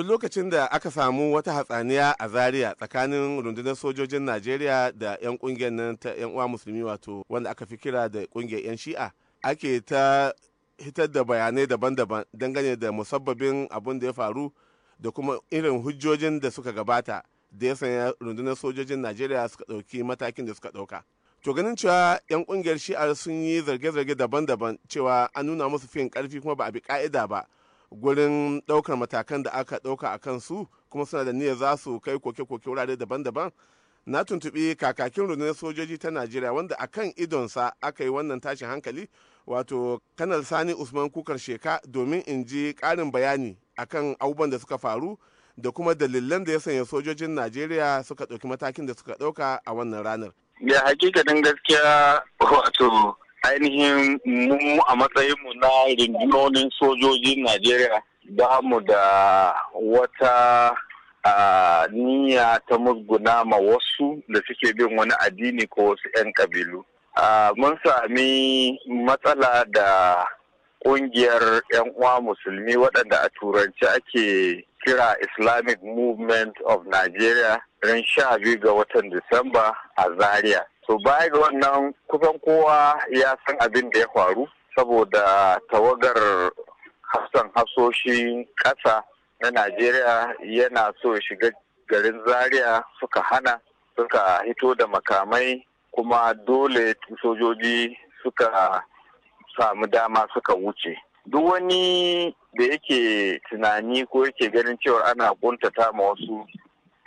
tun lokacin da aka samu wata hatsaniya a zaria tsakanin rundunar sojojin najeriya da 'yan kungiyar nan ta 'yan uwa musulmi wato wanda aka fi kira da kungiyar 'yan shi'a ake ta hitar da bayanai daban-daban dangane da musabbabin abin da ya faru da kuma irin hujjojin da suka gabata da ya sanya rundunar sojojin najeriya suka dauki matakin da suka ɗauka to ganin cewa 'yan kungiyar shi'ar sun yi zarge-zarge daban-daban cewa an nuna musu fin karfi kuma ba a bi ka'ida ba gurin daukar matakan da aka dauka a kansu kuma suna da niyyar za su kai koke-koke wurare daban-daban na tuntuɓi kakakin rundunar sojoji ta najeriya wanda a kan idonsa aka yi wannan tashin hankali wato kanal sani usman kukar sheka domin in ji karin bayani akan abubuwan da suka faru da kuma dalilan da ya sanya sojojin najeriya suka dauki matakin da suka dauka a wannan ranar ya hakikanin gaskiya wato ainihin mu a matsayinmu na rundunonin sojojin najeriya ba mu da wata niyya ta musguna ma wasu da suke bin wani addini ko wasu 'yan kabilu mun sami matsala da ƙungiyar 'yan uwa musulmi waɗanda a turanci ake kira islamic movement of nigeria ran sha biyu ga watan disamba a zaria to baya ga wannan kusan kowa ya san abin da ya faru saboda tawagar hafsan hafsoshin ƙasa na najeriya yana so shiga garin zaria suka hana suka hito da makamai kuma dole sojoji suka samu dama suka wuce duk wani da yake tunani ko yake ganin cewa ana ƙuntata ma wasu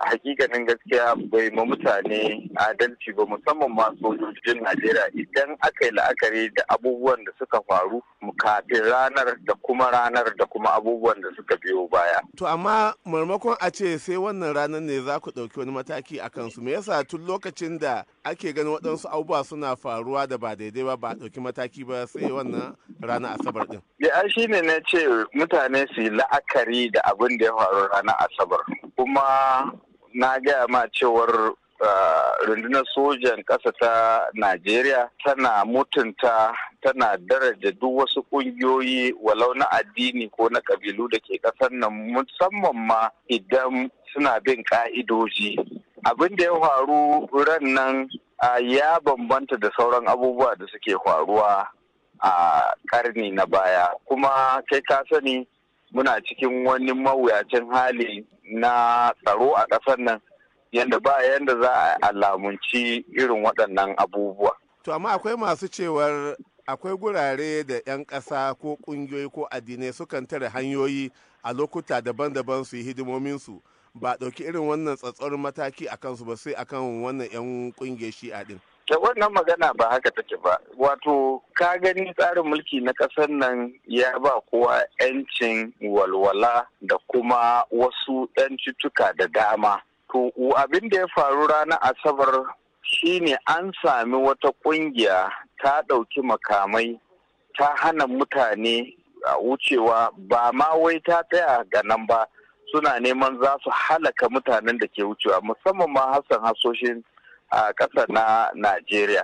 hakikanin gaskiya bai ma mutane adalci ba musamman ma sojojin najeriya idan aka yi la'akari da abubuwan da suka faru kafin ranar da kuma ranar da kuma abubuwan da suka biyo baya to amma marmakon a ce sai wannan ranar ne za ku ɗauki wani mataki a kansu me yasa tun lokacin da ake ganin waɗansu abubuwa suna faruwa da ba daidai ba ba a ɗauki mataki ba sai wannan ranar asabar din ya eh, shi ne na ce mutane su yi la'akari da abin da ya faru ranar asabar kuma na gaya ma cewar uh, rundunar sojan ƙasa ta Najeriya tana mutunta tana daraja duk wasu ƙungiyoyi walau na addini ko na ƙabilu da ke ƙasar nan musamman ma idan suna bin ƙa'idoji. Abin da ya faru ran nan ya bambanta da sauran abubuwa da suke faruwa a ƙarni na baya kuma kai ka sani muna cikin wani mawuyacin hali na tsaro a ƙasar nan yadda ba yadda za a alamunci irin waɗannan abubuwa. To amma akwai masu cewar akwai gurare da 'yan ƙasa ko ƙungiyoyi ko addinai sukan tare hanyoyi a lokuta daban-daban su yi su, ba ɗauki irin wannan tsatsaurin mataki a kansu ba sai akan wannan 'yan ƙungiyar shi'a ɗin. da wannan magana ba haka take ba wato ka gani tsarin mulki na ƙasar nan ya ba kowa 'yancin walwala da kuma wasu cutuka da dama to abin da ya faru ranar asabar shine an sami wata ƙungiya ta ɗauki makamai ta hana mutane a wucewa ba ma wai ta tsaya ga nan ba suna neman za su halaka mutanen da ke wucewa musamman ma hassan hasoshin a ƙasar na Najeriya.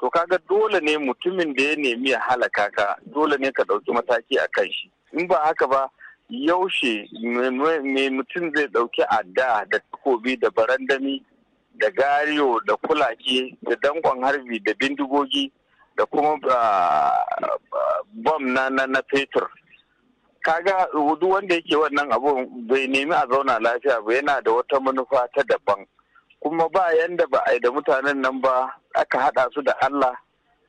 To kaga dole ne mutumin da ya nemi ya halaka ka dole ne ka ɗauki mataki a kan shi. In ba haka ba yaushe me mutum zai ɗauki adda da takobi da barandami da gariyo da Kulaki da dankon harbi da bindigogi da kuma bom na na fetur. Kaga duk wanda yake wannan abu bai nemi a zauna lafiya ba yana da wata manufa ta daban. kuma ba yanda ba a yi da mutanen nan ba aka haɗa su da Allah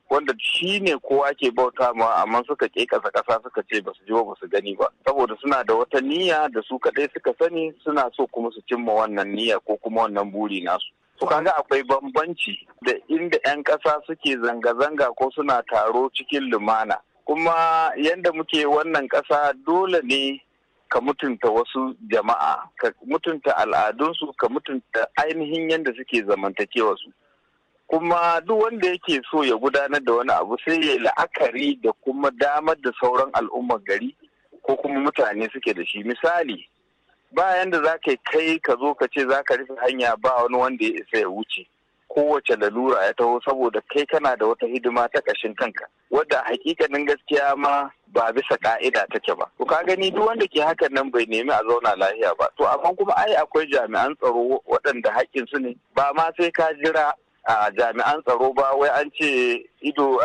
wanda shi ne kowa ke bauta ma amma suka ke ƙasa kasa suka ce ba su ji ba su gani ba saboda suna da wata niyya da su kaɗai suka sani suna so kuma su cimma wannan niyya ko kuma wannan buri nasu su kaga akwai bambanci da inda 'yan ƙasa suke zanga-zanga ko suna taro cikin lumana kuma yanda muke wannan ƙasa dole ne ka mutunta wasu jama'a ka mutunta al'adunsu ka mutunta ainihin yadda suke zamantakewa su kuma duk wanda yake so ya gudanar da wani abu sai ya la'akari da kuma damar da sauran al'ummar gari ko kuma mutane suke da shi misali bayan da za ka kai ka zo ka ce za ka rufe hanya ba wani wanda ya isa ya wuce kowace lalura ya taho saboda kai kana da wata hidima ta ƙashin kanka wadda hakikanin gaskiya ma ba bisa ka'ida take ba to ka gani duk wanda ke hakan nan bai nemi a zauna lafiya ba to amma kuma ai akwai jami'an tsaro waɗanda haƙƙin su ne ba ma sai ka jira a jami'an tsaro ba wai an ce ido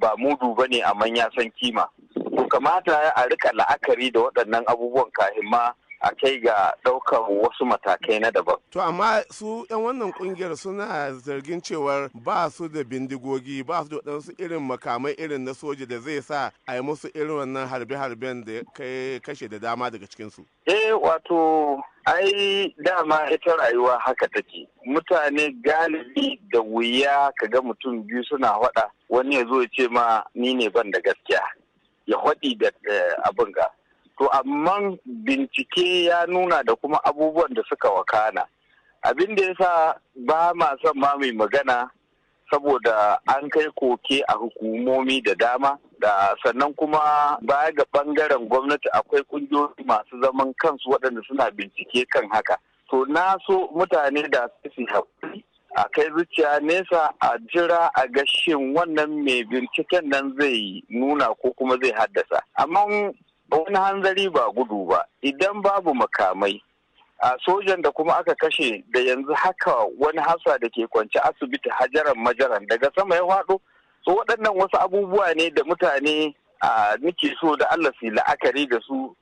ba mudu ba ne amma ya san kima to kamata a rika la'akari da waɗannan abubuwan kahin ma a kai ga ɗaukar wasu matakai na daban. To amma su 'yan wannan ƙungiyar suna zargin cewar ba su da bindigogi ba su da waɗansu irin makamai irin na soja da zai sa a yi musu irin wannan harbe-harben da kai kashe da dama daga cikinsu. Eh wato ai dama ita rayuwa haka take mutane galibi da wuya ka ga mutum biyu suna haɗa wani ya zo ya ce ma ni ne ban da gaskiya ya haɗi da abin ga to amma bincike ya nuna da kuma abubuwan da suka wakana abin da yasa ba ma son ma mai magana saboda an kai koke a hukumomi da dama da sannan kuma baya ga bangaren gwamnati akwai kungiyoyi masu zaman kansu waɗanda suna bincike kan haka to na so mutane da su haƙuri a kai zuciya nesa a jira a gashin wannan mai binciken nan zai nuna ko kuma zai haddasa amma wani hanzari ba gudu ba idan babu makamai a sojan da kuma aka kashe da yanzu haka wani hasa da ke kwance asibiti hajaran majaran daga sama ya faɗo so waɗannan wasu abubuwa ne da mutane a nike so da allah su la'akari da su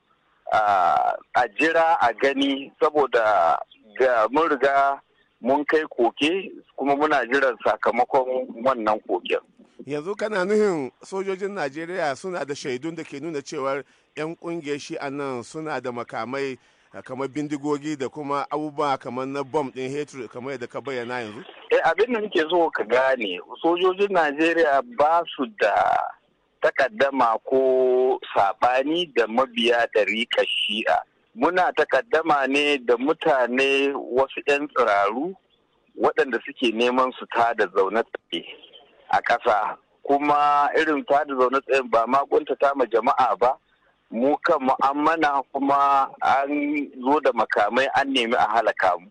a jira a gani saboda ga mun riga mun kai koke kuma muna jiran sakamakon wannan koken yanzu kana nuhin sojojin najeriya suna da shaidun da ke nuna cewar 'yan kungiyar shi a nan suna da makamai eh, kamar bindigogi da kuma abubuwa kamar na bom din hetur kamar yadda ka bayyana yanzu eh, abin da nake so ka gane sojojin najeriya ba su da takaddama ko sabani da mabiya ɗarika shi'a muna takaddama ne da mutane wasu 'yan tsiraru waɗanda suke neman su ta da zaune tsaye a ƙasa kuma irin ta da zaune tsayin ba ma ta ma jama'a ba mu kan mu'amana kuma an zo da makamai an nemi a halaka mu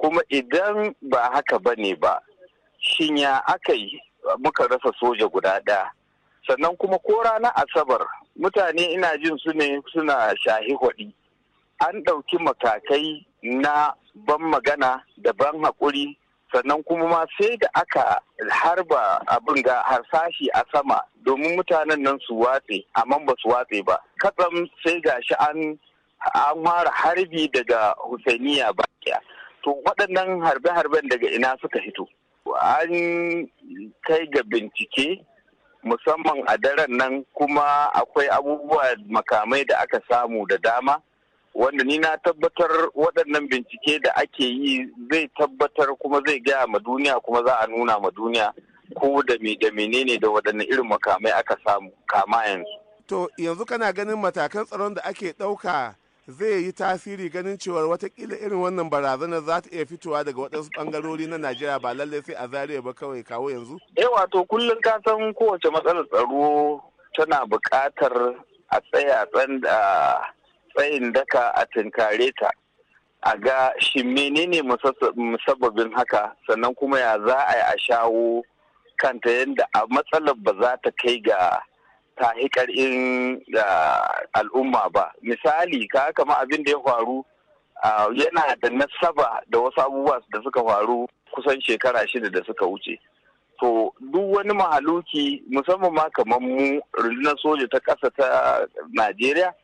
kuma idan ba haka ba ne ba shinya aka yi muka rasa soja guda ɗaya sannan kuma ko rana asabar mutane ina jin su ne suna shahi hudi an ɗauki matakai na ban magana da ban haƙuri sannan kuma ma sai da aka harba abin ga harsashi a sama domin mutanen nan su watse amma ba su watse ba katsam sai gashi an an mara harbi daga husainiya ba to waɗannan harbe-harben daga ina suka hito an kai ga bincike musamman a daren nan kuma akwai abubuwa makamai da aka samu da dama wanda ni na tabbatar waɗannan bincike da ake yi zai tabbatar kuma zai gaya ma duniya kuma za a nuna ma duniya ko da me da menene da waɗannan irin makamai aka samu kama yanzu. To yanzu kana ganin matakan tsaron da ake ɗauka zai yi tasiri ganin cewar watakila irin wannan barazanar za ta iya fitowa daga waɗansu ɓangarori na Najeriya ba lallai sai a zariya ba kawai kawo yanzu? Eh wato kullum ka san kowace matsalar tsaro tana buƙatar a tsaya tsanda. tsayin daka a tinkare ta a ga shi menene musabbabin haka sannan kuma ya za a yi a shawo kanta yadda a matsalar ba za ta kai ga tahikar in da al'umma ba misali ka kama abin da ya faru yana da nasaba da wasu abubuwa da suka faru kusan shekara shida da suka wuce to duk wani mahaluki musamman ma kamar mu rundunar soja ta ƙasa ta najeriya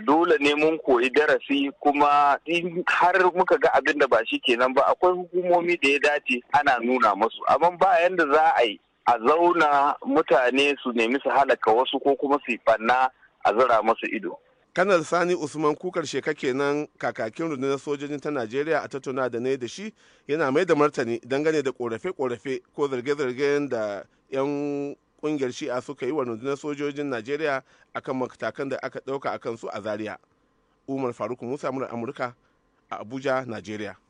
dole ne mun koyi darasi kuma in har muka ga abin da ba shi kenan ba akwai hukumomi da ya dace ana nuna masu amma ba yanda za a yi a zauna mutane su nemi su halaka wasu ko kuma su banna a zira masu ido kanar sani usman kukar sheka kenan kakakin rundunar sojojin ta najeriya a tattauna da ne da shi yana mai da martani dangane da korafe-korafe ko zarge-zargen da 'yan kungiyar shi'a suka yi wa rundunar sojojin najeriya akan matakan da aka ɗauka akan su a zaria umar faruk musa murar amurka a abuja najeriya